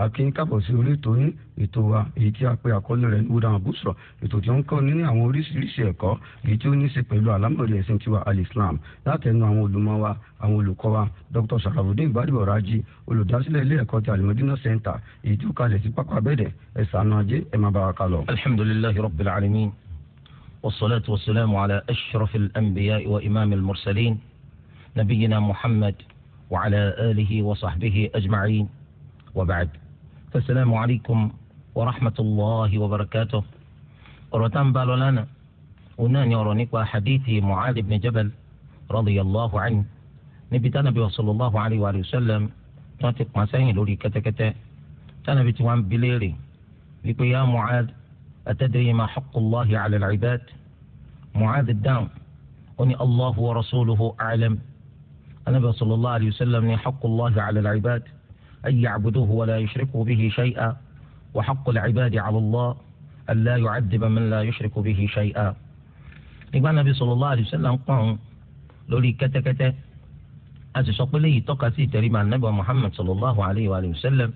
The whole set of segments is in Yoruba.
àti kábọ̀ sí orí ètò yín ètò wa èyí tí a pe àkọlé rẹ̀ níwúdà àbúṣọ ètò tí ó ń kọ́ ní àwọn oríṣiríṣi ẹ̀kọ́ èyí tí ó ní í ṣe pẹ̀lú àlámọ̀rí ẹ̀sìn tiwa alislam látẹnu àwọn olùmọ̀ wa àwọn olùkọ́ wa dr sarafudin ibadibo raji olùdásílẹ̀ ilé ẹ̀kọ́ ti alimọ̀dínà center èyí tí ó kalẹ̀ sí pápá abẹ́dẹ̀ ẹ̀sánú ajé ẹ̀ má bàa kalọ̀. alhamdulillahi rabbil alamin والصلاة والسلام على أشرف الأنبياء وإمام المرسلين نبينا محمد وعلى آله وصحبه أجمعين وبعد السلام عليكم ورحمة الله وبركاته أرتان بالولانا ونان يورونيكوا حديث معاذ بن جبل رضي الله عنه نبي تنبي وصلى الله عليه وآله وسلم تنتق ما لوري كتا كتا تنبي توان بليري يقول يا معاذ أتدري ما حق الله على العباد معاذ الدام أني الله ورسوله أعلم النبي صلى الله عليه وسلم حق الله على العباد أن يعبدوه ولا يشركوا به شيئا وحق العباد على الله أن لا يعذب من لا يشرك به شيئا nígbà nàbí sallallahu alaihi wasallam ń pọn lórí kẹ́tẹ́kẹ́tẹ́ a sì sọ pé léyìí tọ́ka sí ìtẹríba anabi muhammed sallallahu alaihi wa sallam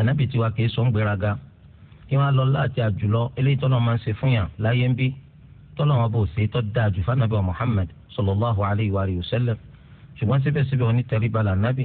anabi tiwa kìí sọ ń gbéraga kí wọn lọ láti àjùlọ eléyìí tọ́lọ́ máa ń ṣe fún yàn láyé ń bí tọ́lọ́ wọn bò ṣe tọ́ da àjù fún anabi muhammed sallallahu alaihi wa sallam ṣùgbọ́n síbẹ̀síbẹ̀ onítẹríba là nàbí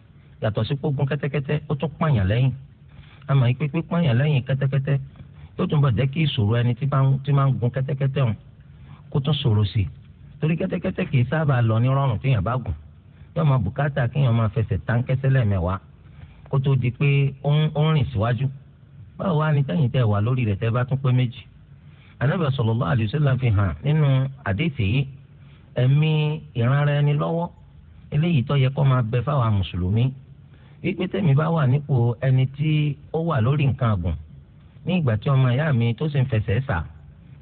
yàtọ̀ sí pógun kẹ́tẹ́kẹ́tẹ́ ó tún pààyàn lẹ́yìn àmọ́ ìpè pé pààyàn lẹ́yìn kẹ́tẹ́kẹ́tẹ́ yóò tún bọ̀ jẹ́ kí ìṣòro ẹni tí máa ń gun kẹ́tẹ́kẹ́tẹ́ hàn kó tún ṣòro sí i torí kẹ́tẹ́kẹ́tẹ́ kì í sábà lọ ní rọrùn téèyàn bá gùn yóò máa bùkátà kéèyàn máa fẹsẹ̀ táńkẹ́sẹ́ lẹ́ẹ̀mẹ́wàá kó tó di pé ó ń rìn síwájú báwo wá ní tẹ̀yìn tẹ̀ wà lórí rẹ̀ tẹ́ bá tún pé méjì Ànábì sallallahu alaihi wasallam fi hàn nínú àdéhìí yìí ẹ̀mí ìranra ẹni lọ́wọ́ eléyìí tó yẹ kó máa bẹ fáwọn mùsùlùmí wípé tẹ̀mí bá wà nípò ẹni tí ó wà lórí nǹkan àgùn ní ìgbà tí ọmọ ìyá mi tó sì ń fẹsẹ̀ sà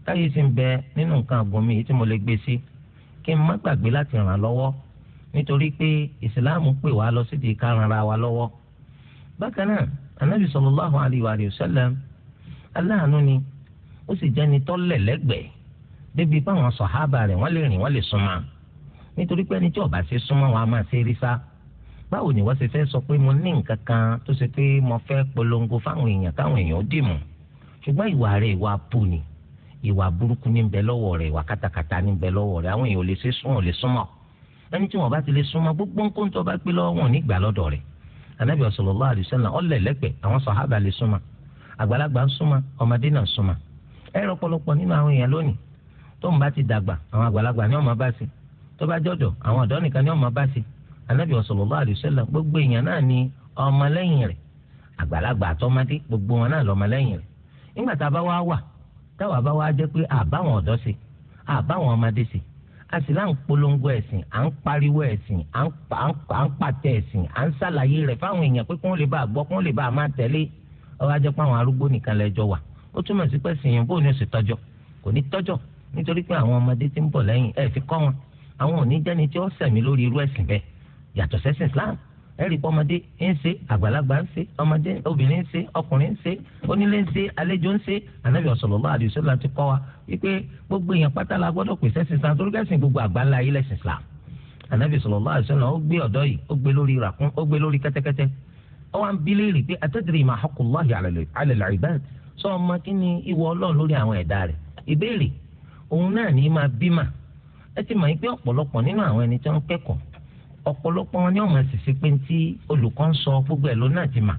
táyé sì ń bẹ nínú nǹkan àgùn mi tí mo lè gbé sí kí n má gbàgbé láti ràn án lọ́wọ́ nítorí pé ìsìláàmù pè wá lọ sídìí ká ara wa lọ́wọ́ bákan náà anabi sallallahu alayhi wa sallam aláàánú ni ó sì jẹ́ni tọ́lẹ̀ lẹ́gbẹ̀ẹ́ débi báwọn sọ̀hábà rẹ̀ wọ́n lè rìn wọ́n lè súnmọ́ nítorí pé ẹni tí ó ṣe súnmọ́ wọn a máa ṣe rí sá báwo ni wọ́n ṣe fẹ́ sọ pé mo ní nǹkan kan tó ṣe pé mo fẹ́ polongo fáwọn èèyàn táwọn èèyàn dì mú ṣùgbọ́n ìwà rẹ̀ ìwà bù ni ìwà burúkú ní bẹ lọ́wọ́ rẹ̀ ìwà katakata ní bẹ lọ́wọ́ rẹ̀ àwọn èèyàn ò lè ṣe sún ò lè súnmọ́ ẹni tí wọ́n bá ti lè súnmọ́ gbogbo nǹkan tó bá pé lọ́wọ́ nígbà lọ́dọ̀ rẹ̀ anabi sallallahu alaihi ni ọmọ bá sí tó bá jọjọ àwọn ọ̀dọ́ nìkan ni anabi sallallahu alaihi wasallam gbogbo èèyàn náà ni ọmọlẹ́yìn rẹ̀ àgbàlagbà àtọmọdé gbogbo wọn náà lọmọlẹ́yìn rẹ̀ nígbà tá a bá wá wà táwa bá wá jẹ́ pé àbáwọn ọ̀dọ́ sí àbáwọn ọmọdé sí a sì láǹ polongo ẹ̀sìn à ń pariwo ẹ̀sìn à ń pàtẹ ẹ̀sìn à ń ṣàlàyé rẹ̀ fáwọn èèyàn pé kí lè bá a gbọ́ kí lè bá a máa tẹ̀lé ó wá pé àwọn arúgbó nìkan lẹ́jọ́ wà ó túmọ̀ sí pé sìn yẹn bóun ni ó sì tọ́jọ́ kò ní tọ́jọ́ nítorí pé àwọn ọmọdé ti ń bọ̀ lẹ́yìn ẹ̀ fi kọ́ wọn àwọn ò ní jẹ́ni tí ó sẹ̀mí lórí irú ẹ̀sìn bẹ́ẹ̀ yàtọ̀ sẹ́sìn islam ẹ̀rí pé ọmọdé ń ṣe àgbàlagbà ń ṣe ọmọdé obìnrin ń ṣe ọkùnrin ń ṣe onílé ń ṣe àlejò ń ṣe ànábì sallallahu alaihi wasallam ti kọ́ wa wípé gbogbo èèyàn pátá la gbọ́dọ̀ pè sẹ́sìn islam torí kẹ́sìn gbogbo àgbáńlá ayé lẹ́sìn islam ànábì sallallahu alaihi wasallam ó gbé ọ̀dọ́ yìí ó gbé lórí ràkún ó gbé lórí kẹ́tẹ́kẹ́tẹ́ ó wá ń bi léèrè pé atadri ma haqqullahi ala al-ibad sọ ọmọ kí ni ìwọ ọlọ́run lórí àwọn ẹ̀dá rẹ̀ ìbéèrè òun náà ní máa bímà ẹ ti mọ̀ pé ọ̀pọ̀lọpọ̀ nínú àwọn ẹni tí wọ́n kẹ́kọ̀ọ́ ọ̀pọ̀lọpọ̀ wọn ni ọ̀mọ̀ ṣẹ̀ṣẹ̀ pé tí olùkọ́ ń sọ gbogbo ẹ̀ lónà ti mà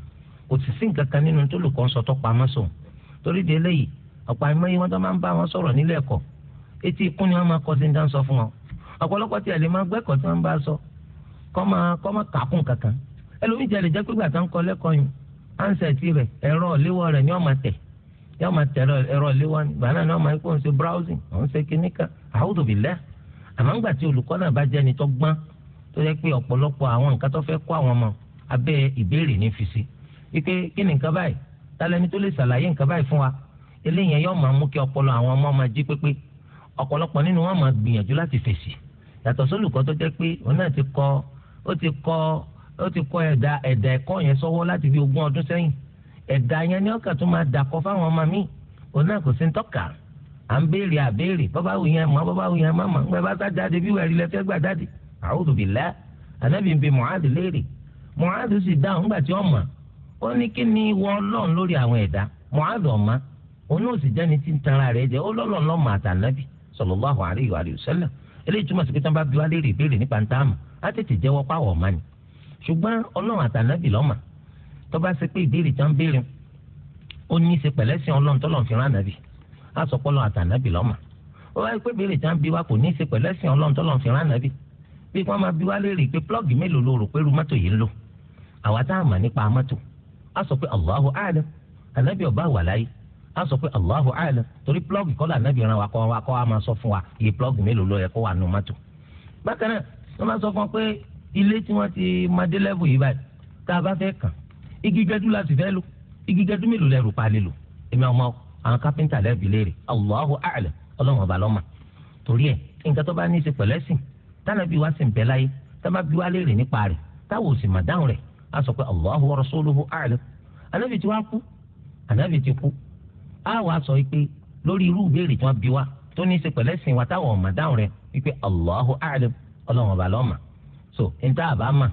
kò sì sí nǹkan kan nínú tó olùkọ́ ń sọ tó pamọ́ sọ torí de eléyìí ọ̀pọ̀ àìmọye wọn tó máa ń bá wọn sọ̀rọ̀ nílé ẹ̀kọ́ etí ikú ni wọ́n máa kọ́ sọ fún wọn ọ̀pọ̀lọpọ̀ tí àlè máa gbẹ́kọ̀ọ́ tí wọ́n bá sọ kọ́ máa kàkún kankan ẹlòmíì tó jẹ́ pé ọ̀pọ̀lọpọ̀ àwọn nǹkan tó fẹ́ kó àwọn ọmọ abẹ́ ìbéèrè ní fi sí wípé kí ni nǹkan báyìí tálẹ́ni tó lè ṣàlàyé nǹkan báyìí fún wa eléyìí yóò máa mú kí ọpọlọ àwọn ọmọ máa jí pépé ọ̀pọ̀lọpọ̀ nínú wọn máa gbìyànjú láti fèsì yàtọ̀ sólùkọ́ tó jẹ́ pé òun náà ti kọ́ ó ti kọ́ ó ti kọ́ ẹ̀dà ẹ̀dà ẹ̀kọ́ yẹn sọ́wọ́ láti bí ogún ọdún sẹ́yìn ẹ̀dà yẹn ni ọkà tó máa dàkọ fáwọn ọmọ mi òun náà kò sí ń tọ́ka à ń béèrè àbéèrè bàbá wù yẹn mọ́ bàbá wù yẹn mọ́ mọ́ bàbá sá jáde bí wẹ̀rí lẹ́fẹ́ gbà jáde a'udhu billah ànábì ń bi mu'adh léèrè mu'adh sì dáhùn nígbà tí ọ mọ̀ ó ní kí ni wọ́n lọ́n lórí àwọn ẹ̀dá mu'adh ọ̀ma òun náà sì jẹ́ni tí ń rẹ̀ jẹ́ ó àtànábì eléyìí túmọ̀ bi wá léèrè nípa ń á tètè jẹ́wọ́ ọ̀ma ni ṣùgbọ́n ọlọ́run àtànábì lọ́mọ tó bá ṣe pé ìbéèrè béèrè ó ní í ṣe ọlọ́run fi rán ànábì á bí wọ́n máa bi wá léèrè pé plọ́ọ̀gì mélòó ló rò pé irú mọ́tò yìí ń lò àwa tá a mà nípa a sọ pé allahu alam anabi ọba wà láyé a sọ pé allahu alam torí plọ́ọ̀gì kọ́lá anabi ran wa kọ́ wa kọ́ sọ fún wa iye plọ́ọ̀gì mélòó ló yẹ kó wà sọ fún wa pé ilé tí ti máa dé igi gẹdú la igi gẹdú mélòó lẹ́rù pa èmi àwọn kápẹ́ńtà léèrè allahu tánàbí wa sì ń bẹ láyé tábàbí wa léèrè nípa rẹ̀ táwọn ò sì mà dáhùn rẹ̀ á sọ pé Allahu wa rasuluhu a'lam ànábì tí wàá kú ànábì tí kú á wàá sọ pé lórí irú ìbéèrè tí wọ́n bí wa tó ní í ṣe pẹ̀lẹ́sìn wa táwọn ò mà dáhùn rẹ̀ wípé Allahu a'lam ọlọ́run ọba lọ́ọ̀mà so níta àbá mà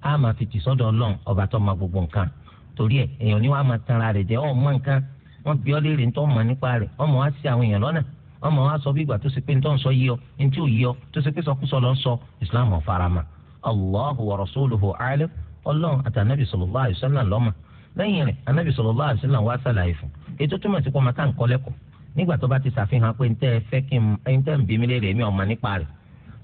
á máa fi tì sọ́dọ̀ ọlọ́run ọba tó ma gbogbo nǹkan torí ẹ̀ èèyàn ni wàá máa tanra rẹ̀ jẹ́ ọmọ nǹkan wọ́n bí ọ léèrè nítorí ọmọ nípa rẹ̀ ọmọ wa sí àwọn èèyàn lọ́nà wọn mọ wá sọ bí ìgbà tó ṣe pé nítorí sọ yíyọ ní ò yíyọ tó ṣe pé sọkúsọ lọ ń sọ islam ọ̀farama allahu wa rasuluhu alim ọlọ́run àti anabi sallallahu alaihi wasallam lọ́mọ lẹ́yìn rẹ̀ anabi sallallahu alaihi wasallam wá sàlàyé fún ètò túmọ̀ sí pọ́nmọ́ tá à ń kọ́ lẹ́kọ̀ọ́ nígbà tó bá ti ṣàfihàn pé ntẹ́ fẹ́ kí n ntẹ́ bí mi léèrè mi ọ̀ma nípa rẹ̀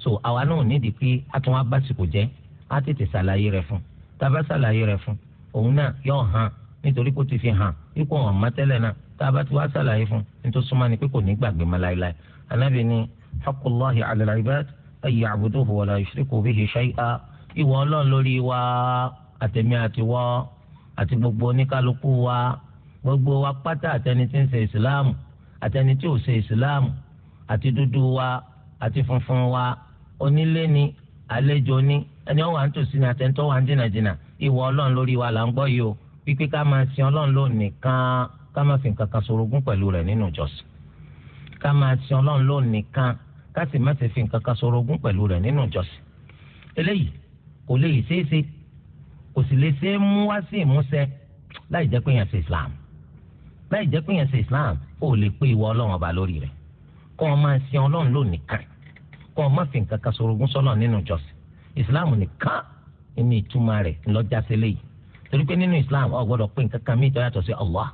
so àwa náà nídìí pé a tún wá básìkò jẹ́ á tètè ṣàlàyé rẹ̀ fún tá bá ṣàlàyé rẹ̀ fún òun náà yóò hàn nítorí kó ti fi hàn ikú ọ̀ma tẹ́lẹ̀ náà tá a bá ti wá sàlàyé fún ní tó súnmọ́ ni pé kò ní gbàgbé mọ́ láéláé anábì ni haqullahi ala al-ibad an ya'buduhu wa la yushriku bihi shay'a ìwọ ọlọ́run lórí wa àtẹ̀mí àti wọ́ àti gbogbo oníkálukú wa gbogbo wa pátá àtẹni tí ń ṣe ìsìláàmù àtẹni tí ò ṣe ìsìláàmù àti dúdú wa àti funfun wa onílé ni àlejò ni ẹni ọ̀wà ń tòsí ni àtẹ̀ntọ́ wà ń jìnnàjìnnà ìwọ ọlọ́run lórí wa là ń gbọ́ yìí o pípé ká máa sin ọlọ́run lónìí kan ká má fi nǹkan kan sorogún pẹ̀lú rẹ̀ nínú ìjọsìn ká máa ti ọlọ́run lóun nìkan ká sì má ti fi nǹkan kan sorogún pẹ̀lú rẹ̀ nínú ìjọsìn eléyìí kò lè yìí ṣeéṣe kò sì lè ṣe é mú wá sí ìmúṣẹ láì jẹ́ pé yẹn ṣe Islam láì jẹ́ pé yẹn ṣe Islam ó lè pé ìwọ ọlọ́run ọba lórí rẹ̀ kó o máa sin ọlọ́run lóun nìkan kó o má fi nǹkan kan sorogún sọ́lọ̀ nínú ìjọsìn Islam nìkan ní ìtumọ̀ rẹ̀ ńlọ́jà sílẹ̀ yìí torí pé nínú Islam o gbọ́dọ̀ pé nǹkan kan mí ìtọ́ sí Allah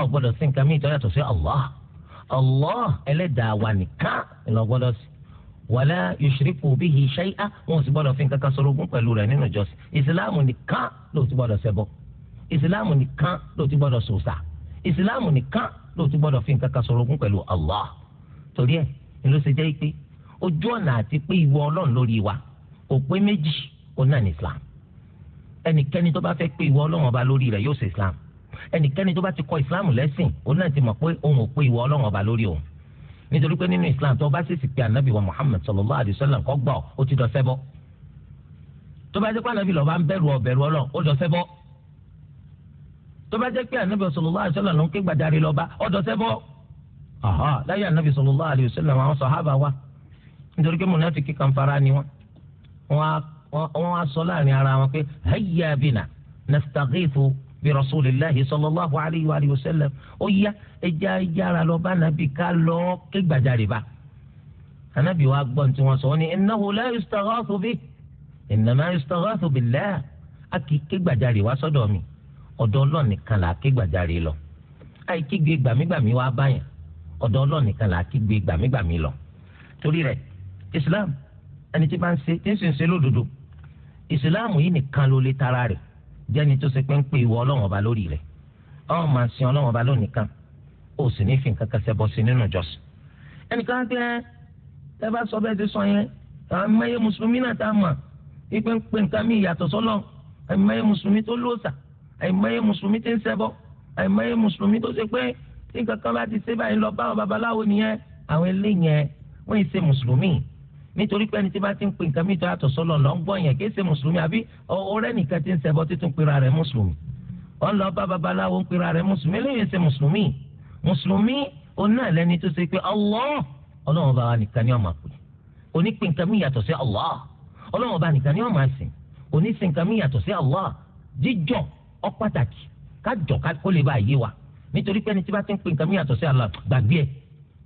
ọ gbọ́dọ̀ sí nǹkan mìíràn yàtọ̀ sí allah allah ẹlẹ́dàá wa nìkan ló gbọ́dọ̀ sí wàlá yushriku bihi shay'a wọn ò sì gbọ́dọ̀ fi nǹkan kan ṣorogún pẹ̀lú rẹ̀ nínú ìjọsìn ìsìláàmù nìkan ló ti gbọ́dọ̀ ṣẹbọ ìsìláàmù nìkan ló ti gbọ́dọ̀ ṣòṣà ìsìláàmù nìkan ló ti gbọ́dọ̀ fi nǹkan kan ṣorogún pẹ̀lú allah torí ẹ̀ ni ló ṣe jẹ́ pé ojú ọ̀nà àti pé ìwọ ọlọ́run lórí wa kò pé méjì ó náà ní islam ẹnikẹ́ni tó bá fẹ́ pé ìwọ ọlọ́run ọba lórí rẹ̀ yóò ṣe islam ẹnikẹ́ni tó bá ti kọ ìsìláàmù lẹ́sìn òun náà ti mọ̀ pé òun ò pé ìwọ ọlọ́run ọba lórí òun nítorí pé nínú ìsìláàmù tó bá sì sì pé ànábì wa Muhammad sallallahu alaihi wasallam kọ́ gbà ó ti dọ̀ sẹ́bọ́ tó bá jẹ́ pé ànábì lọ́ba ń bẹ̀rù ọ̀bẹ̀rù ọlọ́run ó dọ̀ sẹ́bọ́ tó bá jẹ́ pé ànábì sallallahu alaihi wasallam ló ń ké gbàjarè lọ́ba ó dọ̀ sẹ́bọ́ láyé ànábì sallallahu alaihi wasallam àwọn sàhábà wa nítorí pé mùnàfíkì kan fara ni wọn á sọ láàrin ara wọn pé hayya bina nastaghithu bí rasulillahi sallallahu alayhi wa sallam ó yá ẹja yára lọ bá nàbí ká lọ ké gbàjarè bá anabi wa gbọ́n tí wọ́n sọ wọ́n ní innahu la yustaghathu bi innama yustaghathu billah a kì í ké gbàjarè wá sọ́dọ̀ mi ọ̀dọ̀ Ọlọ́run nìkan là á ké gbàjarè lọ àì kígbe gbàmígbàmí wá báyàn ọ̀dọ̀ Ọlọ́run nìkan là á kígbe gbàmígbàmí lọ torí rẹ̀ Islam ẹni tí bá ń ṣe tí ń sìn ṣe lódodo Islam yìí nìkan ló lè tara rẹ̀ jẹ́ni tó ṣe pé ń pe ìwọ ọlọ́run ọba lórí rẹ̀ ọ́n máa sin ọlọ́run ọba lónìí kan ó sì ní fi nǹkan kan ṣẹbọ sí nínú ìjọsìn. ẹnìkan pé ẹ bá sọ bẹ́ẹ̀ ti sọ yẹn àwọn mẹ́yẹ mùsùlùmí náà tá a mọ̀ wípé ń pe nǹkan mi ìyàtọ̀ sọ́lọ́ àìmọye mùsùlùmí tó lóòsà àìmọye mùsùlùmí tó ń ṣẹbọ àìmọye mùsùlùmí tó ṣe pé tí nǹkan kan bá ti ṣe báyìí lọ báwọn babaláwo nìyẹn àwọn eléyẹn wọ́n ì nítorí pé ẹni tí bá ti ń pè nǹkan mìíràn àtọ̀ sọ́lọ̀ lọ ń gbọ́ yẹn kì í ṣe mùsùlùmí àbí ọ̀rẹ́ nìkan ti ń ṣẹbọ títún pera rẹ̀ mùsùlùmí ó ń lọ bá babaláwo ń pera rẹ̀ mùsùlùmí lẹ́yìn ṣe mùsùlùmí mùsùlùmí òun náà tó ṣe pé Allah ọlọ́run ọba wa nìkan ni ó máa pè Allah ọlọ́run ọba nìkan ni ó máa sìn oníṣe Allah jíjọ ó pàtàkì kájọ kó lè bá yé wa nítorí pé Allah gbàgbé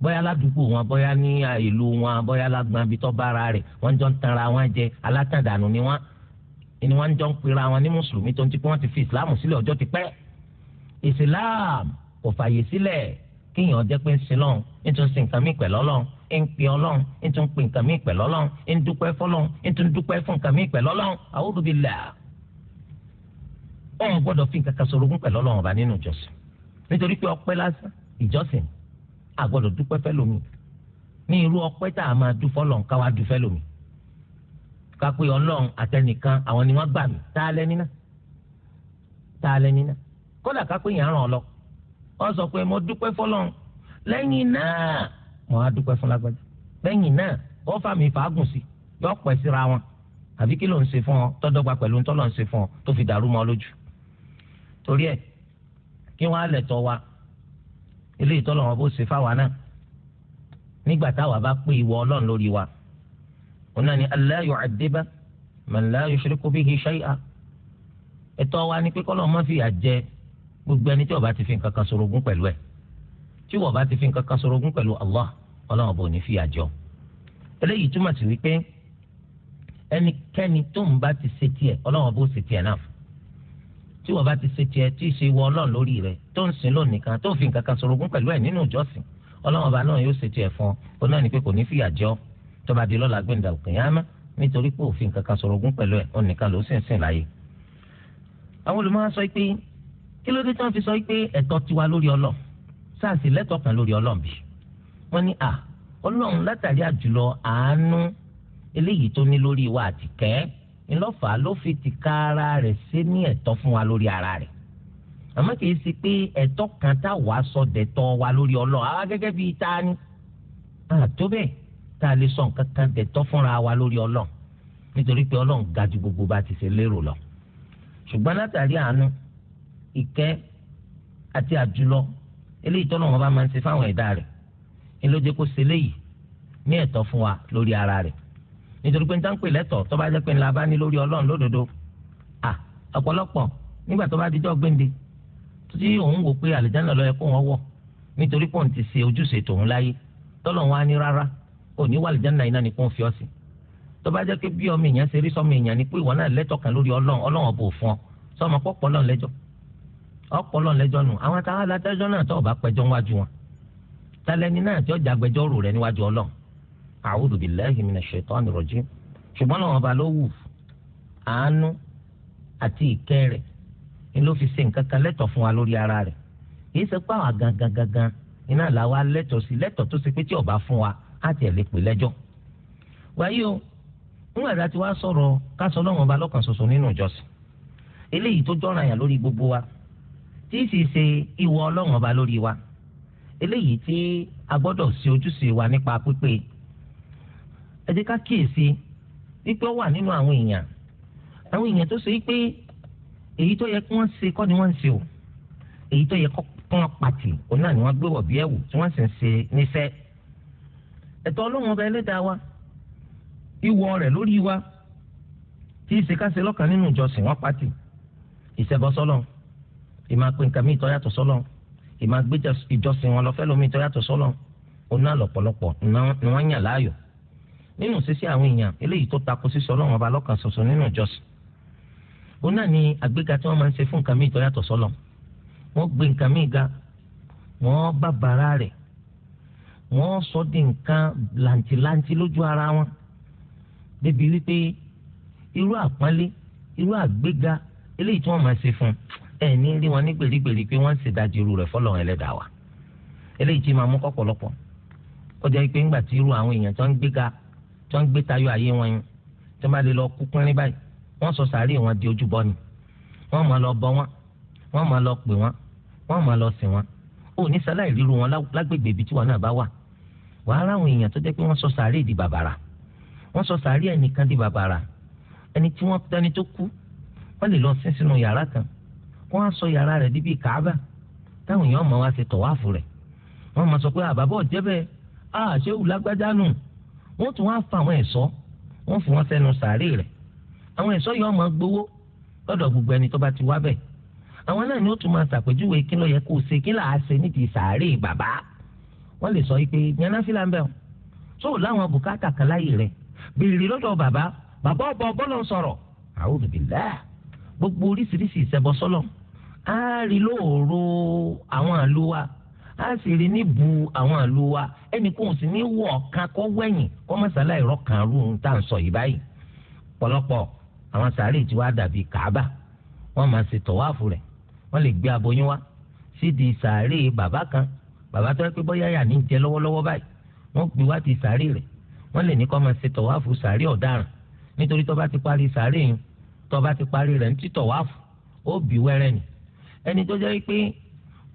bóyá ládùúgbò wọn bóyá ní ìlú wọn bóyá lágbọn abitọ́ bára rẹ̀ wọ́n jọ ń tanra wọn jẹ alátàdánù ni wọ́n ni wọ́n jọ ń pera wọn ní mùsùlùmí tó ń ti pé wọ́n ti fi ìsìláàmù sílẹ̀ ọjọ́ ti pẹ́ ìsìláàm kò fààyè sílẹ̀ kéèyàn jẹ́ pé ń sin lọ́n nítorí sin nǹkan mí pẹ̀lú ọlọ́n ń pin ọlọ́n nítorí pin nǹkan mí pẹ̀lú ọlọ́n ń dúpẹ́ fọlọ́n nítorí dúpẹ́ fún nǹkan mí pẹ̀lú ọlọ́n a'udhu billah ọ̀n gbọ́dọ̀ fi nǹkan kan sorogún pẹ̀lú ọlọ́n ọ̀bà nínú ìjọsìn nítorí pé ọpẹ́ lásán ìjọsìn àgbọ́dọ̀ dúpẹ́ fẹ́ lómi ní irú ọpẹ́ tá a máa dúfọ́ lọ́n ká wá dúfẹ́ lómi ká pé ọlọ́run àtẹnìkan àwọn ni wọ́n gbà mí tá a lẹ́ nínà tá a lẹ́ nínà kódà ká pé yẹn ràn ọ́ lọ ọ sọ pé mo dúpẹ́ fọlọ́run lẹ́yìn náà mo á dúpẹ́ fún lágbájá lẹ́yìn náà ó fà mí fàágùn sí yọ pẹ́ síra wọn àbí kí ló ń ṣe fún ọ tọ́dọ́gba pẹ̀lú ń tọ́lọ́ ń ṣe fún ọ tó fi dàrú mọ́ lójú torí ẹ̀ kí wọ́n á lẹ̀ tọ́ wa eléyìí tọ́lọ̀ wọn bó ṣe fáwa náà nígbà táwa bá pé ìwọ ọlọ́run lórí wa òun náà ni Allah yu'adhiba man la yushriku bihi shay'a ẹ̀tọ́ wa ni pé kọ́lọ́ má fìyà jẹ gbogbo ẹni tí ó bá ti fi nǹkan kan sorogún pẹ̀lú ẹ̀ tí ó bá ti fi nǹkan kan sorogún pẹ̀lú Allah ọlọ́run bò ní fìyà jọ eléyìí túmọ̀ sí wípé ẹnikẹ́ni tó ń bá ti ṣe tiẹ̀ ọlọ́run bó ṣe tiẹ̀ náà tí wọ́n bá ti ṣe tiẹ̀ tí ì ṣe wọ ọlọ́run lórí rẹ̀ tó ń sìn lónìí kan tó fi nǹkan kan sorogún pẹ̀lú ẹ̀ nínú ìjọsìn ọlọ́run ọba náà yóò ṣe tiẹ̀ fún ọ ó náà ní pé kò ní fìyà jẹ ọ́ tó bá di lọ́la gbẹ̀ǹdà òkèèyàn nítorí pé òfin nǹkan kan sorogún pẹ̀lú ẹ̀ òun nìkan ló sì ń sìn láyé. àwọn olùmọ̀ sọ pé kí ló dé tí wọ́n fi sọ pé ẹ̀tọ́ tiwa lórí lórí ọlọ́run bí wọ́n lórí wa ńlọ́fà ló fi tìka ara rẹ̀ ṣe ní ẹ̀tọ́ fún wa lórí ara rẹ̀ àmọ́ kìí ṣe pé ẹ̀tọ́ kan tá wàá sọ dẹ̀tọ́ wa lórí ọlọ́run àwa gẹ́gẹ́ bíi ta ni àtó bẹ́ẹ̀ tá a lè sọ nǹkan kan dẹ̀tọ́ fúnra wa lórí ọlọ́run nítorí pé ọlọ́run ga ju gbogbo bá ti ṣe lérò lọ ṣùgbọ́n látàrí àánú ìkẹ́ àti àjùlọ eléyìí tọ́nà wọn bá máa ń ṣe fáwọn ẹ̀dá rẹ̀ ńlọ́jẹ́ kó ṣe léyìí ní ẹ̀tọ́ fún wa lórí ara rẹ̀ nítorí pé n táǹpẹ lẹ́tọ̀ tó bá jẹ́ pé ńlá bá ní lórí Ọlọ́run lódodo à ọ̀pọ̀lọpọ̀ nígbà tó bá dijọ́ gbéǹde tí òun wò pé àlìjáná ló yẹ kó wọn wọ̀ nítorí pé òun ti ṣe ojúṣe tòun láyé tọ́lọ̀ wọn á ní rárá òní wà àlìjáná iná ni kò ń fi ọ́ sí tó bá jẹ́ pé bí ọmọ èèyàn ṣe rí sọmọ èèyàn ni pé ìwọ náà lẹ́tọ̀ kan lórí Ọlọ́run Ọlọ́run bò fún ọ sọmọ pọpọ lọ́n lẹ́jọ́ ọpọlọ lẹ́jọ́ nù àwọn táwọn alájọ́jọ́ náà tó bá pẹjọ́ wájú wọn tálẹ́ni a'udhu billahi minash shaitani rajim ṣùgbọ́n náà ọba ló wù àánú àti ìkẹ́ rẹ̀ ni ló fi ṣe nǹkan kan lẹ́tọ̀ fún wa lórí ara rẹ̀ kìí ṣe pé àwọn gangan gangan iná làwa lẹ́tọ̀ sí lẹ́tọ̀ tó ṣe pé tí ọba fún wa á tiẹ̀ lè pè lẹ́jọ́ wáyé o nígbà tá a ti wá sọ̀rọ̀ ká sọ lọ́wọ́n ọba lọ́kàn ṣoṣo nínú ìjọsìn eléyìí tó jọ́ràn yàn lórí gbogbo wa tí ì sì ṣe ìwọ ọlọ́wọ́n ọba lórí wa eléyìí tí a gbọ́dọ̀ ṣe ojúṣe wa nípa pípé ẹ jẹ́ ká kíyèsí wípé ó wà nínú àwọn èèyàn àwọn èèyàn tó ṣe pé èyí tó yẹ kí wọ́n ṣe kọ́ ni wọ́n ń ṣe o èyí tó yẹ kọ́ wọ́n pàtì òun náà ni wọ́n gbé wọ̀bí ẹ̀wù tí wọ́n sì ń ṣe níṣẹ́ ẹ̀tọ́ ọlọ́run ọba ẹlẹ́dàá wa ìwọ rẹ̀ lórí wa tí ìṣèkáṣe lọ́kàn nínú ìjọsìn wọn pàtì ìṣẹ́bọsọ́lọ́ ìmàpínkà míì tọ́yàtọ̀ sọ́lọ́ ìmàgbéjọ ìjọsìn wọn lọ́fẹ́ lómi tọ́yàtọ̀ sọ́lọ́ nínú sísí àwọn èèyàn eléyìí tó takò sísọ ọlọ́run ọba lọ́kàn ṣoṣo nínú ìjọsìn òun náà ni àgbéga tí wọ́n máa ń ṣe fún nǹkan míì tó yàtọ̀ sọ́lọ̀ wọ́n gbé nǹkan míì ga wọ́n bá bàrà rẹ̀ wọ́n sọ di nǹkan làǹtìlanti lójú ara wọn débi wípé irú àpọ́nlé irú àgbéga eléyìí tí wọ́n máa ṣe fún ẹ̀ ní rí wọn ní gbèrígbèrí pé wọ́n ń ṣèdájọ́ irú rẹ̀ fọ́lọ́ ẹlẹ́dàá wa eléyìí tí máa mú kọ́pọ̀lọpọ̀ ó jẹ́ pé ńgbà tí irú àwọn èèyàn tó ń gbéga tí wọ́n ń gbé tayọ ayé wọn yẹn tí wọ́n bá lè lọ kú pínrín báyìí wọ́n sọ sàárè wọn di ojúbọ ni wọ́n máa lọ bọ wọn wọ́n máa lọ pè wọn wọ́n máa lọ sìn wọn ò ní sáláì ríru wọn lágbègbè ibi tí wọn náà bá wà wàá ráwọn èèyàn tó jẹ́ pé wọ́n sọ sàárè di bàbàrà wọ́n sọ sàárè ẹnìkan di bàbàrà ẹni tí wọ́n tẹni tó kú wọ́n lè lọ sín sínú yàrá kan wọ́n á sọ yàrá rẹ̀ débi kàábà táwọn èèyàn máa wá ṣe tọ̀wáàfù rẹ̀ wọ́n máa sọ pé àbábọ̀ jẹ́ bẹ́ẹ̀ àṣẹ́wù lágbájá nù wọ́n tún wá fa àwọn ẹ̀ṣọ́ wọ́n fún wọn sẹ́nu sàárè rẹ̀ àwọn ẹ̀ṣọ́ yìí wọ́n máa gbowó lọ́dọ̀ gbogbo ẹni tó bá ti wá bẹ̀ àwọn náà ni ó tún máa ṣàpèjúwe kí ló yẹ kó ṣe kí là á ṣe nídìí sàárè bàbá wọ́n lè sọ pé yẹn náà fi là ń bẹ̀ ọ́ tó o láwọn bùkátà kan láyè rẹ̀ béèrè lọ́dọ̀ bàbá bàbá ọ̀bọ bọ́lọ̀ ń sọ̀rọ̀ a'udhu billah gbogbo oríṣiríṣi ìṣẹ́bọ sọ́lọ̀ á rí lóòrò àwọn àlùwà á sì rí níbu àwọn àlù wa ẹnì kò sì ní wọ ọ̀kan kó wẹ̀yìn kó mọ̀sálà ìrọ̀ kan rú ohun tá à ń sọ yìí báyìí pọ̀lọpọ̀ àwọn sàárè tí wàá dàbí kàábà wọ́n máa ṣe tọ̀wáàfù rẹ̀ wọ́n lè gbé aboyún wá sídìí sàárè bàbá kan bàbá tó yẹ pé bóyá yà ní jẹ lọ́wọ́lọ́wọ́ báyìí wọ́n gbé wá ti sàárè rẹ̀ wọ́n lè ní kó máa ṣe tọ̀wáàfù sàárè ọ̀daràn nítorí tó bá ti parí sàárè yìí tó bá ti parí rẹ̀ ń títọ̀wáàfù ó bì wẹ́rẹ́ ni ẹni tó jẹ́ pé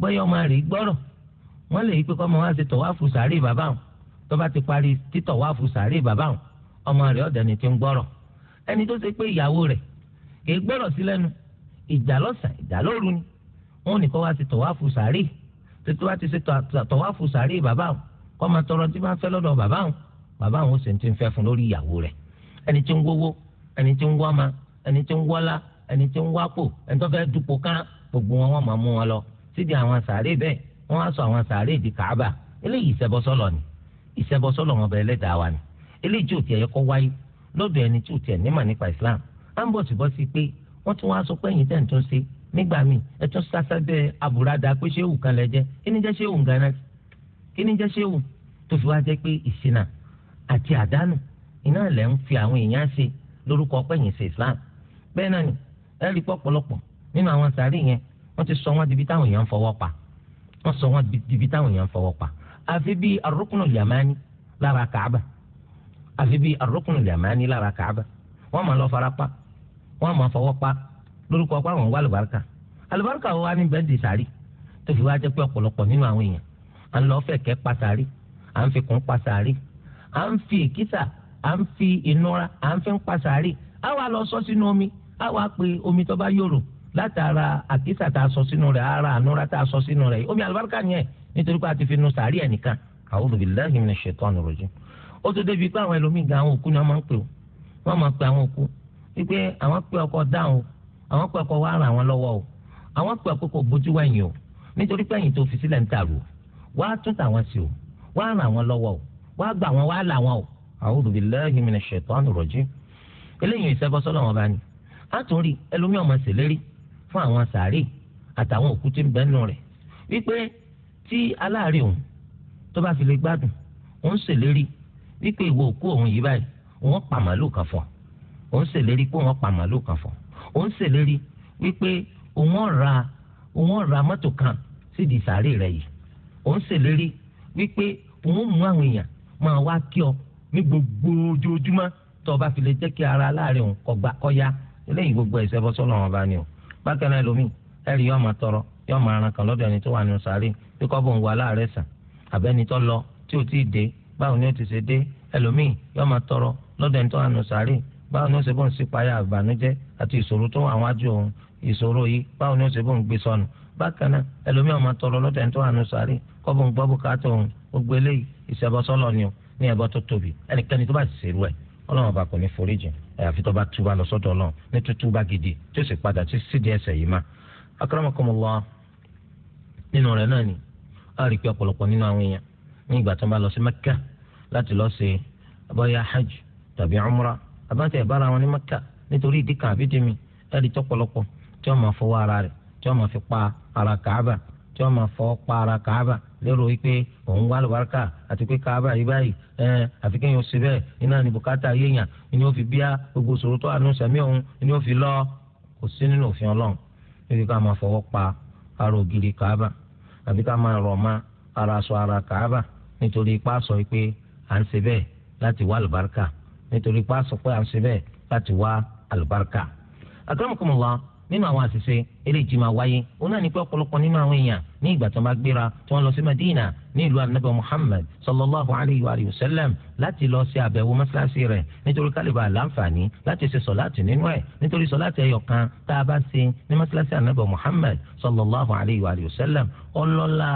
bóyá ọmọ rẹ̀ gbọ́rọ̀ wọ́n lè yí pé kọ́ ọmọ wa ṣe tọ̀wáfù sàárè bàbá wọn tó bá ti parí títọ̀wáfù sàárè bàbá wọn ọmọ rẹ̀ ọ̀dọ̀ ni ti ń gbọ́rọ̀ ẹni tó ṣe pé ìyàwó rẹ̀ kì í gbọ́rọ̀ sí lẹ́nu ìjà lọ́sàn ìjà lóru ni wọ́n ní kọ́ wa ṣe tọ̀wáfù sàárè títí wá ti ṣe tọ̀wáfù sàárè bàbá wọn kọ́ máa tọrọ tí máa ń fẹ́ lọ́dọ̀ bàbá wọn bàbá wọn ó sì ti fẹ́ fún lórí ìyàwó rẹ̀ wọ́n á sọ àwọn sàárè di kàába eléyìí ìṣẹbọsọlọ ni ìṣẹbọsọlọ wọn bẹ ẹlẹ́dàá wa ni eléyìí tí ò tiẹ̀ yẹ kó wáyé lọ́dọ̀ ẹni tí ò tiẹ̀ nímọ̀ nípa Islam à ń bọ̀ síbọ̀ sí pé wọ́n tún wá sọ pé ẹ̀yin tẹ̀ ń tún ṣe nígbà míì ẹ tún sásá bẹ́ẹ̀ àbúradà pé ṣé òun kan lẹ jẹ́ kí ni jẹ́ ṣé òun gan náà kí ni jẹ́ ṣé òun tó fi wá jẹ́ pé ìṣìnà àti àdánù iná lẹ̀ ń fi àwọn èèyàn ṣe lórúkọ pẹ̀yìn ṣe Islam bẹ́ẹ̀ náà ni ẹ rí pọ̀ nínú àwọn sàárì yẹn wọ́n ti sọ wọ́n di táwọn èèyàn fọwọ́ pa wọ́n sọ wọ́n dibi táwọn èèyàn fọwọ́ pa àfi bíi arúkùnù yamani lára kàába àfi bíi arúkùnù yamani lára kàába wọ́n máa lọ fara pa wọ́n máa fọwọ́ pa lórúkọ ọpá wọn wá àlùbáríkà àlùbáríkà wa ní bẹ́ẹ̀dì sàárì tó fi wá jẹ́ pé ọ̀pọ̀lọpọ̀ nínú àwọn èèyàn à ń lọ fẹ̀kẹ́ pa sàárì à ń fi kún pa sàárì à ń fi ìkísà à ń fi ìnura à ń fi ń pa sàárì àwa lọ sọ sínú omi àwa pé omi tó bá yòrò látara àkísà tá a sọ sínú rẹ̀ ara ànúra tá a sọ sínú rẹ̀ omi àlùbáríkà yẹn nítorí pé a ti fi nu sàárì ẹnìkan a'udhu billahi minash shaitani rajim ó tó débi pé àwọn ẹlòmíì gan àwọn òkú ni wọ́n máa ń pè ó wọ́n máa pe àwọn òkú wípé àwọn pé ọkọ̀ dáhùn àwọn pé ọkọ̀ wá ràn wọ́n lọ́wọ́ o àwọn pé ọkọ̀ kò bójú wẹ̀yìn o nítorí pé ẹ̀yìn tó fi sílẹ̀ ń tàrú wá tún tàwọn sí o wá ràn wọ́n lọ́wọ́ o wá gbà wọ́n wá là wọ́n o a'udhu billahi minash fún àwọn sàárè àtàwọn òkú tí ń bẹ nù rẹ̀ wípé tí aláàárẹ̀ òun tó bá fi lè gbádùn òun ṣèlérí wípé ìwọ òkú òun yìí báyìí òun pa màálù kan fún òun ṣèlérí pé òun pa màálù kan fún òun ṣèlérí wípé òun ra òun ra mọ́tò kan sídìí sàárè rẹ̀ yìí òun ṣèlérí wípé òun mú àwọn èèyàn máa wá kí ọ ní gbogbo ojoojúmọ́ tó o bá fi lè jẹ́ kí ara aláàárẹ̀ òun kọ́ ya eléyìí gbogbo ẹ̀ṣẹ̀ bọ́ sọ́nà bá ní o bákan náà lómi ẹ̀rí yóò máa tọrọ yóò máa ran kan lọ́dọ̀ ẹni tó wà nínú sàárè bí kọ́ bò ń wà láàárẹ̀ sàn àbẹ́ni tó lọ tí ò tí ì dé báwo ni ó ti ṣe dé ẹlòmíì yóò máa tọrọ lọ́dọ̀ ẹni tó wà nínú sàárè báwo ni ó ṣe bò ń sípayà àbànújẹ́ àti ìṣòro tó wà wájú òun ìṣòro yìí báwo ni ó ṣe bò ń gbé sọnù bákan náà ẹlòmíì yóò máa tọrọ lọ́dọ̀ ẹni tó wà nínú sàárè kọ́ bò ń gbọ́ bùkátà òun gbogbo ọlọ́run ọba kò ní foríjì àyàfi tó bá túbà lọ sọ́dọ̀ náà ní tútúbà gidi tó sì padà tí sídìí ẹ̀ṣẹ̀ yìí má. akramakumullah nínú rẹ̀ náà ni a rí pé ọ̀pọ̀lọpọ̀ nínú àwọn èèyàn ní ìgbà tó ń bá lọ sí mẹ́kà láti lọ ṣe bóyá hajj tàbí àbáńtẹ̀ ìbára wọn ní kan tọ́pọ̀lọpọ̀ tí wọ́n máa fọwọ́ ara rẹ̀ tí wọ́n máa fi pa ara lérò wípé òun wá lùbáríkà àti pé káàbà yìí báyìí ẹ àfi kéèyàn ṣe bẹ́ẹ̀ iná ní bùkátà yéèyàn ni ó fi bíá gbogbo sòrò tó àánú sẹ̀mí òun ni ó fi lọ kò sí nínú òfin ọlọ́run níbi ká máa fọwọ́ pa ara ògiri káàbà àbí ká máa rọ̀ ma ara aṣọ ara káàbà nítorí ipá sọ pé à ń ṣe bẹ́ẹ̀ láti wá lùbáríkà nítorí ipá sọ pé à ń ṣe bẹ́ẹ̀ láti wá àlùbáríkà. àkàràmùkùmùlá nínú àwọn àṣìṣe eléjì máa wáyé òun náà ní pé ọ̀pọ̀lọpọ̀ nínú àwọn èèyàn ní ìgbà tó máa gbéra tí wọ́n lọ sí Madina ní ìlú anabi Muhammad sallallahu alayhi wa sallam láti lọ sí àbẹ̀wò mọ́ṣáláṣí rẹ̀ nítorí kálíbà láǹfààní láti ṣe sọ̀láàtì nínú ẹ̀ nítorí sọ̀láàtì ẹyọ kan tá a bá ṣe ní mọ́ṣáláṣí anabi Muhammad sallallahu alayhi wa sallam ọlọ́lá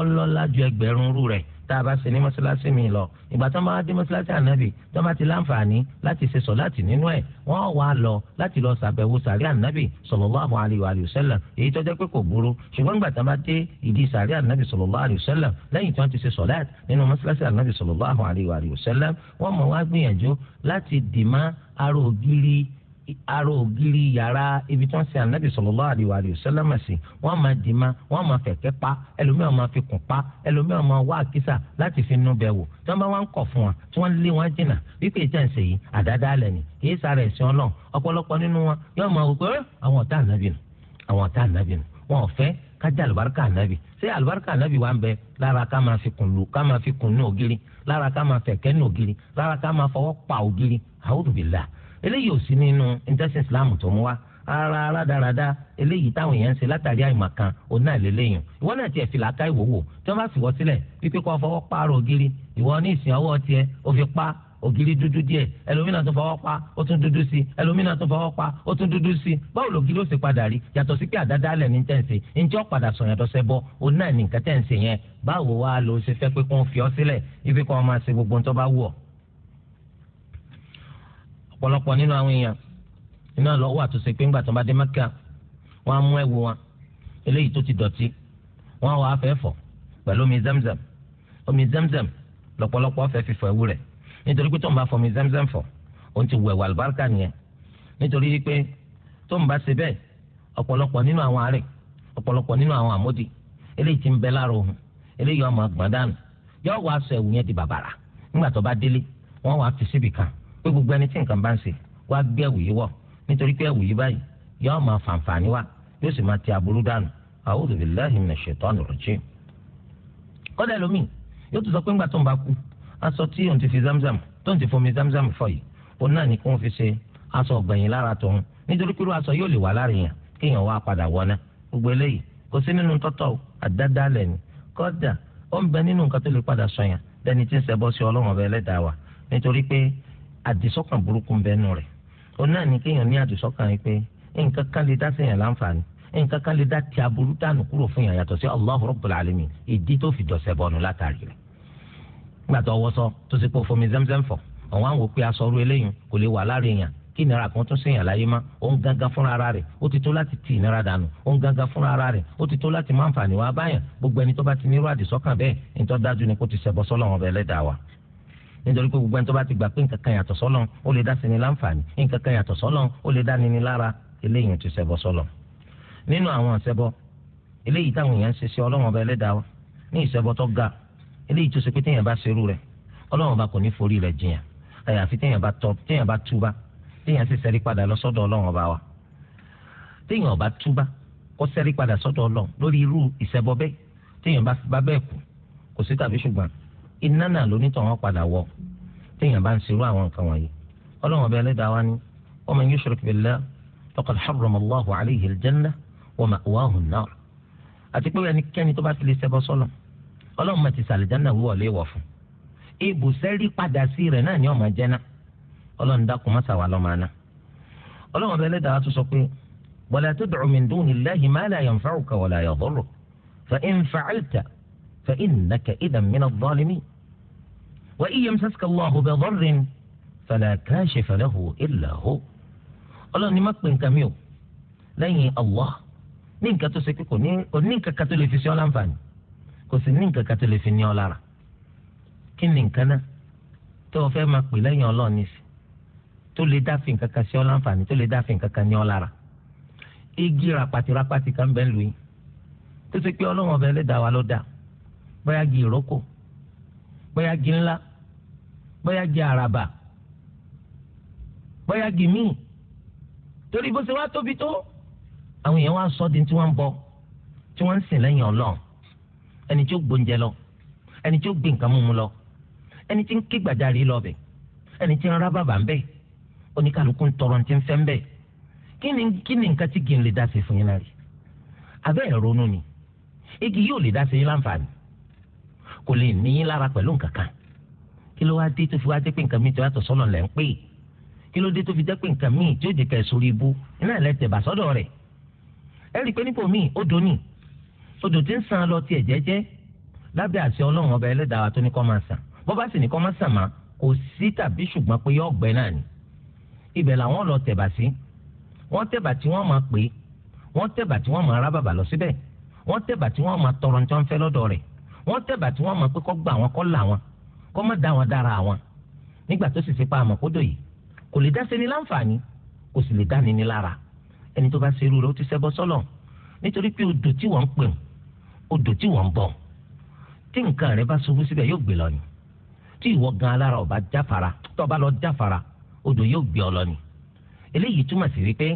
ọlọ́lá ju ẹgbẹ̀rún rú rẹ̀ tá a bá ṣe ní mọ́ṣáláṣí mi lọ ìgbà tó máa dé mọ́ṣáláṣí ànábì tó máa ti láǹfààní láti ṣe sọ̀láàtì nínú ẹ̀ wọ́n wá lọ láti lọ ṣàbẹ̀wò sàrí ànábì sallallahu alaihi wa sallam èyí tó jẹ́ pé kò burú ṣùgbọ́n ìgbà tó máa dé ìdí sàrí ànábì sallallahu alaihi wa sallam lẹ́yìn tí wọ́n ti ṣe sọ̀láàtì nínú mọ́ṣáláṣí ara ògiri yàrá ibi tí wọn sin anabi sallallahu alaihi wa alihi wasallam sí wọn máa dì má wọn máa fẹ̀kẹ́ pa ẹlòmíràn máa fi kùn pa ẹlòmíràn máa wá àkísà láti fi nú bẹ wò tí wọn bá wá ń kọ fún wa tí wọn lé wọn jìnnà wípé ìjà ń ṣe yìí àdáadáa lẹ ni kìí sára ẹ̀sìn Ọlọ́run ọ̀pọ̀lọpọ̀ nínú wọn yóò máa wò pé àwọn ọ̀tá ànábì nù àwọn ọ̀tá ànábì nù wọn ò fẹ́ kájà àlùbáríkà ànábì ṣé àlùbáríkà ànábì wa ń bẹ lára ká máa fi kùn lù ká máa fi kùn ní ògiri lára ká máa fẹ̀kẹ́ ní ògiri lára ká máa fọwọ́ pa ògiri àwùjọ bìlà eléyìí ò sí nínú ìjọsìn islam tó mú wa ara aládàradà eléyìí táwọn èèyàn ń ṣe látàrí àìmọ̀kan òun náà lélẹ́yìn ìwọ náà tiẹ̀ fi làákà ìwòwò tí wọ́n bá sì wọ́ sílẹ̀ wípé kó fọwọ́ pààrọ̀ ògiri ìwọ ní ìsìn ọwọ́ tiẹ̀ ó fi pa ògiri dúdú díẹ̀ ẹlòmínà tó fọwọ́ pa ó tún dúdú sí ẹlòmínà tó fọwọ́ pa ó tún dúdú sí báwo lògiri ó sì padà rí yàtọ̀ sí pé àdádálẹ̀ ní tẹ̀sí njẹ́ padà sọ̀yàtọ̀ sẹ́bọ̀ òun náà ní nǹkan tẹ̀sí yẹn báwo wá lo ṣe fẹ́ pé kó fi ọ sílẹ̀ ibi kan máa ṣe gbogbo ń tó bá wù ọ́ ọ̀pọ̀lọpọ̀ nínú àwọn èèyàn iná lọ́wọ́ àtúnṣe pé ńgbà tó bá dé mẹ́kà wọ́n á mú ẹ̀wù wọn eléyìí tó ti dọ̀tí wọ́n á wọ afẹ́ fọ̀ pẹ̀lú omi zamzam omi zamzam lọ́pọ̀lọpọ̀ fẹ́ fífọ̀ ẹ̀wù rẹ̀ nítorí pé tó ń bá fọ omi zamzam fọ̀ òun ti wẹ̀wẹ̀ àlùbáríkà nìyẹn nítorí pé tó ń bá ṣe bẹ́ẹ̀ ọ̀pọ̀lọpọ̀ nínú àwọn àárẹ̀ ọ̀pọ̀lọpọ̀ nínú àwọn àmódi eléyìí ti ń bẹ láàrọ̀ òun eléyìí ọmọ àgbọ̀n dànù yóò wá aṣọ ẹ̀wù yẹn di bàbàrà nígbà tó bá délé wọ́n wá fi síbì kan pé gbogbo ẹni tí nǹkan bá ń ṣe wá gbé ẹ̀wù yìí wọ̀ nítorí pé ẹ̀wù yìí báyìí yóò máa fàǹfààní wá yóò sì máa ti aburú dànù a'udhu billahi minash shaitanir rajim. kọ́dà lómi yóò tún sọ pé ńgbà tó ń bá kú aṣọ tí òun ti fi zamzam tó ń ti fomi zamzam fọ yìí òun náà ni kí wọ́n fi ṣe aṣọ ọ̀gbẹ̀yìn lára tòun nítorí pé irú aṣọ yóò lè wà láàrin yàn kéèyàn wá padà wọná gbogbo eléyìí kò sí nínú tọ́tọ̀ àdádálẹ̀ ni kọ́dà ó ń àdìsọ́kàn burúkú bẹ́ẹ̀ nù rẹ̀ òun náà ní kéèyàn ní àdìsọ́kàn yìí pé nǹkan kan lè dá séèyàn láǹfààní nǹkan kan lè dá ti aburú dànù kúrò fún yàn yàtọ̀ sí Allahu Rabbul Alamin ìdí tó fi dọ̀sẹ̀ bọ̀nù látàrí rẹ̀ gbàtọ̀ wọ́sọ tó ti pọ̀ fomi zẹ́mzẹ́m fọ̀ àwọn àwọn òpin asọ̀rọ̀ eléyìí kò lè wà láàrin yàn kí ìnira kan tún ṣèyàn láyé má òun gangan fúnra ara rẹ̀ ó ti tó láti ti ìnira dànù òun gangan fúnra ara rẹ̀ ó ti tó láti má nfààní wá báyàn gbogbo ẹni tó bá ti nírú àdìsọ́kàn bẹ́ẹ̀ ní tó dájú ni kó ti ṣẹbọ sọ́lọ́run ọbẹ̀ ẹlẹ́dàá wa nítorí pé gbogbo ẹni tó bá ti gbà pé nǹkan kan yàtọ̀ sọ́lọ̀ ó lè dá sí ni láǹfààní nǹkan kan yàtọ̀ sọ́lọ̀ ó lè dá nini lára eléyìí ti ṣẹbọ sọ́lọ̀ nínú àwọn àṣẹbọ eléyìí táwọn èèyàn ń ṣe sí ọlọ́wọ́n ọba ẹlẹ́dàá wa ní ìṣẹbọ tó ga eléyìí tó ṣe pé téèyàn bá ṣerú rẹ̀ ọlọ́wọ́n ọba kò ní forí rẹ̀ jiyàn àyàfi téèyàn bá tọ téèyàn bá túbá téèyàn sì ṣẹ́rí padà lọ wa téèyàn ọba túbá kó ṣẹ́rí padà sọ́dọ̀ ọlọ́wọ́n lórí irú ìṣẹbọ bẹ́ẹ̀ téèyàn iná náà lónítàn wọn padà wọ téèyàn bá ń serú àwọn nǹkan wọ̀nyí ọlọ́wọ́n bẹ́ẹ̀ lẹ́dàá wa ni wa man yushrik billah faqad harrama Allahu alayhi al-janna wa ma'wahu an-nar àti pé ẹnikẹ́ni tó bá ti lè ṣẹbọ sọ́lọ̀ ọlọ́run máa ti sàlìjánà wíwọ̀ lé wọ̀ fún ibùsẹ́ rí padà sí rẹ̀ náà ni ọmọ jẹ́nà ọlọ́run dákun má sàwà فإنك إذا من الظالمين وإن يمسسك الله بضر فلا كاشف له إلا هو ọlọ́run ni má pè nǹkan mi o lẹ́yìn allah ní nǹkan tó ṣe pé kò ní nǹkan kan tó lè fi ṣe ọ́ láǹfààní kò sì ní nǹkan kan tó lè fi ní ọ lára kí ni nǹkan náà tó o fẹ́ máa pè lẹ́yìn ọlọ́run ní sí tó lè dá fi nǹkan kan ṣe ọ́ láǹfààní tó lè dá fi nǹkan kan ní ọ lára igi rapati rapati kan bẹ́ẹ̀ lu yín tó ṣe pé ọlọ́run ọba ẹlẹ́dàá wa ló dáa bóyá gi ìrókò bóyá gi ńlá bóyá gi àràbà bóyá gi míì torí bó ṣe wá tóbi tó àwọn èèyàn wá ń sọ di tí wọ́n ń bọ tí wọ́n ń sìn lẹ́yìn Ọlọ́run ẹni tí ó gbóúnjẹ lọ ẹni tí ó gbé nǹkan mímu lọ ẹni tí ń ké gbàjarì lọ ẹni tí ń rá bàbà ń bẹ oníkàlùkù ń tọrọ ti ń fẹ́ ń bẹ kí ni kí ni nǹkan tí gìn lè dá sí fún yín náà rí abẹ́ ẹ̀rọ nù igi yóò lè dá sí yín láǹfààní kò lè ní í lára pẹ̀lú nǹkan kan kí ló wá dé tó fi wá dé pé nǹkan mi tó yàtọ̀ sọ́nà lẹ́ ń pè é kí ló dé tó fi jẹ́ pé nǹkan míì tí ó di kẹsùrù ibú iná ẹ̀ tẹ̀bà sọ́dọ̀ rẹ̀ ẹ rí i pé nípò míì odò ni odò tí ń san lọ tiẹ̀ jẹ́jẹ́ lábẹ́ àṣẹ ọlọ́run ọba ẹlẹ́dàá wa tó ní kó máa sàn bó bá sì ní kó máa sàn má kò sí tàbí ṣùgbọ́n pé yọ ọ̀gbẹ́ náà ni ibẹ̀ làwọn lọ tẹ̀bà sí wọ́n tẹ̀bà tí wọ́n máa pè wọ́n tẹ̀bà tí wọ́n máa rá lọ síbẹ̀ wọ́n tẹ̀bà tí wọ́n máa tọrọ ní fẹ́ lọ́dọ̀ rẹ̀ wọ́n tẹ̀bà tí wọ́n mọ̀ pé kọ́ gbà wọn kọ́ là wọn kọ́ má dá wọn dára wọn nígbà tó sì ti pa àmọ́ kódò yìí kò lè dá sẹ́ni láǹfààní kò sì lè dáni ní lára ẹni tó bá ṣe irú rẹ̀ ó ti ṣẹbọ sọ́lọ̀ nítorí pé odò tí wọ́n ń pè odò tí wọ́n ń bọ̀ tí nǹkan rẹ̀ bá ṣubú síbẹ̀ yóò gbé lọ ni tí ìwọ gan alára ọba jáfara tó bá lọ jáfara odò yóò gbé ọ lọ ni eléyìí túmọ̀ sí wípé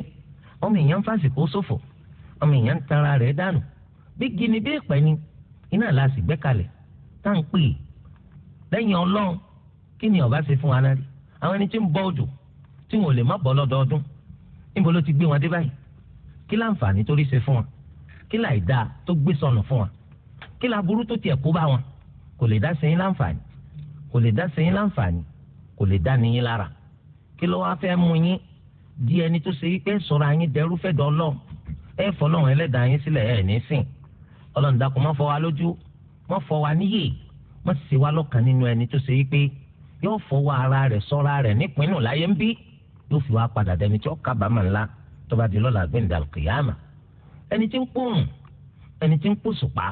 ọmọ èèyàn ń fàsìkò ṣòfò ọmọ èèyàn ń tanra rẹ̀ dànù bí gini bí ìpẹ́ iná la sì gbẹ́kalẹ̀ tá ń pè é lẹ́yìn ọlọ́run kí ni ọba ṣe fún wa náà rí àwọn ẹni tí ń bọ òjò tí wọn ò lè má bọ́ lọ́dọọdún níbo ló ti gbé wọn dé báyìí kí láǹfààní torí ṣe fún wa kí láì dáa tó gbé sọnù fún wa kí láburú tó tiẹ̀ kó bá wọn kò lè dá sẹ́yìn láǹfààní kò lè dá sẹ́yìn láǹfààní kò lè dá niyín lára kí ló wá fẹ́ mú yín di ẹni tó ṣe wípé sọ̀rọ̀ àyín dẹrú fẹ́ dọ́ ọlọ́run ẹ fọlọ́run ẹlẹ́dàá yín sílẹ̀ ẹ̀ ní sìn ọlọ́run dákun má fọ́ wa lójú má fọ́ wa níyè má sì wá lọ́kàn nínú ẹni tó ṣe wípé yóò fọwọ́ ara rẹ̀ sọ́ra rẹ̀ nípinnu láyé ń bí yóò fi wá padà dẹni tí ó kábàámà ńlá tó bá di lọ́la gbẹ̀ndà kìyàmà ẹni tí ń pòrùn ẹni tí ń pòṣùpá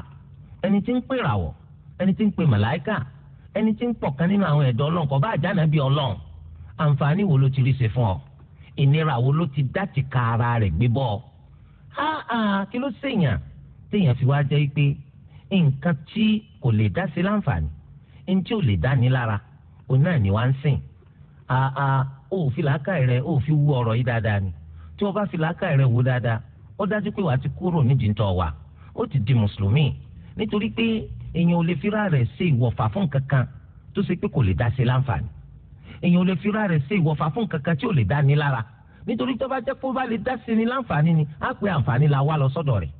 ẹni tí ń pè ràwọ̀ ẹni tí ń pè màláìkà ẹni tí ń pọ̀ kan nínú àwọn ẹ̀dọ́ ọlọ́run kọ́ bá àjànà bíi ọlọ́run àǹfààní wo ló ti rí ṣe fún ọ ìnira wo ló ti dá ti ka ara rẹ̀ gbé bọ́ ọ kí ló ṣèyàn téèyàn fi wá jẹ́ pé nǹkan tí kò lè dá sí láǹfààní ní tí ò lè dá ní lára òun náà ni wá ń sìn àà òfin làákàyè rẹ òfin wú ọ̀rọ̀ yìí dáadáa ni tí wọ́n bá fi làákàyè rẹ wò dáadáa ó dájú pé wàá ti kúrò nídìí tó wà ó ti di mùsùlùmí nítorí pé èèyàn ò lè fira rẹ̀ ṣe ìwọ̀fà fún nǹkan tó ṣe pé kò lè dá sí láǹfààní èèyàn ò lè fira rẹ̀ ṣe ìwọ̀fà fún nǹkan tí ò lè dá ní lára nítorí tó bá jẹ́ kó bá lè dá sí ní láǹfààní ni á pé àǹfààní la wá lọ sọ́dọ̀ rẹ̀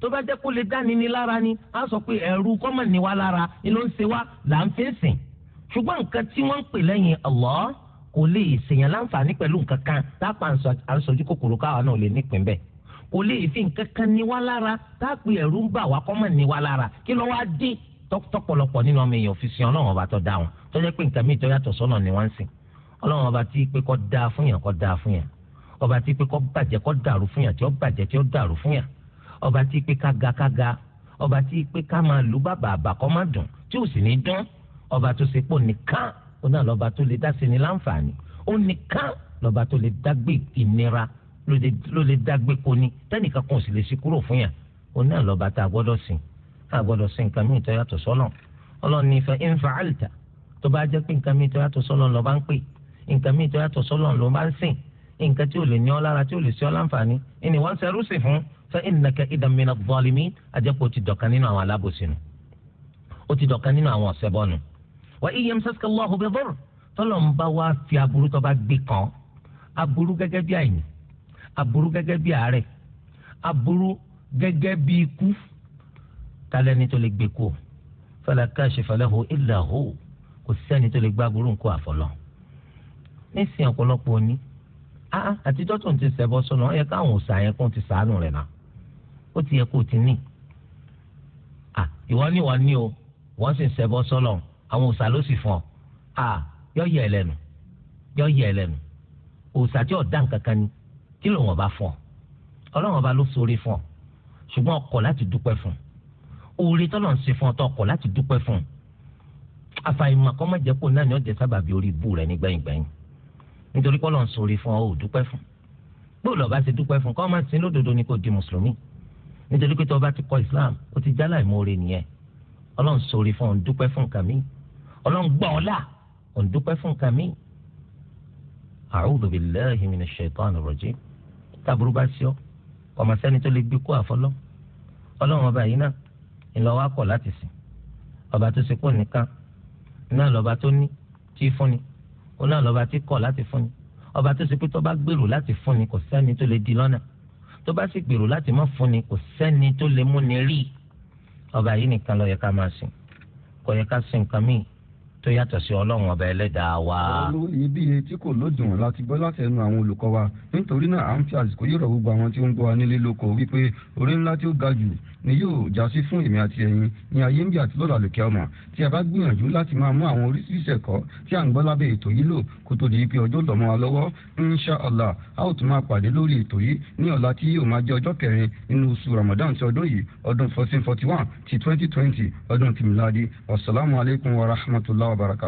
tó bá jẹ́ kó lè dá nini lára ni á sọ pé ẹ̀rù kọ́mọ̀ ní wa lára ni ló ń ṣe wá là ń fẹ́ sìn ṣùgbọ́n nǹkan tí wọ́n ń pè lẹ́yìn Allah kò lè ṣèyàn láǹfààní pẹ̀lú nǹkan kan lápá àǹsọ̀jú kòkòrò káwa náà lè nípìn bẹ́ẹ̀ kò lè fi nǹkan kan ní wa lára táàpì ẹ̀rù ń bà wá kọ́mọ̀ ní wa lára kí ló wá dé tọ́pọ̀lọpọ̀ nínú ọmọ èèyàn òfin sìn ọlọ́run ọba tó dá wọn tó jẹ́ pé nǹkan míì tó yàtọ̀ sọ́nà ni wọ́n ń sìn ọlọ́run ọba tí pé kó dáa fún yàn kó dáa fún yàn ọba tí pé kó bàjẹ́ kó dàrú fún yàn tí ó bàjẹ́ tí ó dàrú fún yàn ọba tí pé kága kága ọba tí pé ká máa lu bàbà àbàkọ́ má dùn tí ò sì ní dán ọba tó ṣe pò nìkan ó náà lọ́ba tó lè dá sí ni láǹfààní ó nìkan lọ́ba tó lè dágbé ìnira ló lè dágbé koni tẹ́nìkan kan ò sì lè ṣe kúrò fún yàn ó náà lọ́ba tá a gbọ́dọ̀ sìn a gbọ́dọ̀ sìn nǹkan mìíràn tó yàtọ̀ sọ́nà ọlọ́ni ìfẹ́ ìnfà àlìtà tó bá jẹ́ pé nǹkan mìíràn tó yàtọ̀ sọ́nà lọ́ba ń pè nǹkan mìíràn tó yàtọ̀ sọ́nà lọ́ba ń sìn nǹkan tí ò lè ní ọ lára tí ò lè ṣe ọ láǹfààní ẹni wọ́n ń ṣerú sí fún fa innaka idan min adh-dhalimin àjẹpọ̀ ó ti dọ̀kan nínú àwọn alábòsínú ó ti dọ̀kan nínú àwọn ọ̀sẹ̀bọ̀nù wa in yamsaska Allahu bi dhurr tọ́lọ̀ ń bá wá fi aburú tó bá gbé kan aburú gẹ́gẹ́ bí àyìn aburú gẹ́gẹ́ bí àárẹ̀ aburú gẹ́gẹ́ bí ikú talẹ́ni tó lè gbé kú fala kashifa lahu illa hu kò sẹ́ni tó lè gbá aburú nǹkó àfọlọ́ nísìnyí ọ̀pọ̀lọpọ̀ ni àtijọ́ tó ń ti sẹ́bọ̀ sọ̀nà ó yẹ káwọn òòsàn yẹn kó ń ti sàánù rẹ̀ náà ó ti yẹ kó o ti ní. ìwọ ni wọ́n ní o wọ́n sì ń ṣẹbọ sọ́lọ̀ àwọn òòṣà ló sì fún ọ yọ yẹ ẹ lẹ́nu yọ yẹ ẹ lẹ́nu òòṣà tí ọ̀dà nkankan ni kí ló wọ́n bá fún ọ ọlọ́wọ́n bá ló sóore fún ọ ṣùgbọ́n o kọ̀ láti dúpẹ́ fún oore tọ́lọ̀ ń ṣe fún ọ tó o kọ̀ láti dúpẹ́ fún àfàìmọ̀ kọ́ mọ̀jẹ́ kó náà ni ọ̀jẹ̀ sábàbí orí ibú rẹ̀ nígbẹ̀yìngbẹ̀yìn nítorí kọ́ lọ́n sóore fún ọ ò dúpẹ́ fún bó lọ́ọ́ bá ṣe dúpẹ́ fún kọ́ máa sin lódodo ni kò di mùsùlùmí nítorí pé tó bá ti kọ islam ó ti jálà ìmoore nìyẹn ọlọ́run sori fún òun dúpẹ́ fún nǹkan mi ọlọ́run gbọ́ ọ́ là òun dúpẹ́ fún nǹkan mi. a'udhu billahi minash shaitanir rajim táàbùrú bá sí ọ ọmọ sẹ́ni tó lè gbé kó àfọlọ́ ọlọ́run ọba yìí náà ńlọ́wọ́ akọ̀ láti sìn ọba tó ṣe nìkan náà lọ́ba tó ní tí fúnni ó náà lọ́ba tí kọ̀ láti fúnni ọba tó ṣe tó bá gbèrò láti fúnni kò sẹ́ni tó lè di lọ́nà tó bá sì gbèrò láti má ni kò sẹ́ni tó lè múni rí ọba yìí nìkan ló yẹ ká máa sìn kò yẹ ká sìn nǹkan míì tó yàtọ̀ sí ọlọ́run ọba ẹlẹ́dàá wa. olú ibi etí kò lódùn láti gbọ́ láti ẹnu àwọn olùkọ́ wa nítorí náà à ń fi àsìkò yìí rọ̀ gbogbo àwọn tí ó ń gbọ́ wa nílé lóko wípé orí ńlá tí ó ga jù ni yóò já sí fún èmi àti ẹ̀yin ní ayé ń bí àti lọ́dọ̀ àlùkẹ́ ọmọ tí a bá gbìyànjú láti máa mú àwọn oríṣiríṣi ẹ̀kọ́ tí à ń gbọ́ lábẹ́ ètò yìí lò kó tó di pé ọjọ́ lọ́mọ wa lọ́wọ́ insha allah a ó tún máa pàdé lórí ètò yìí ní ọ̀la tí yóò máa jẹ́ ọjọ́ kẹrin nínú oṣù ramadan ti ọdún yìí ọdún fourteen forty one ti twenty twenty ọdún tìmíládì wasalaamualeykum wa rahmatulah wabarakatuh.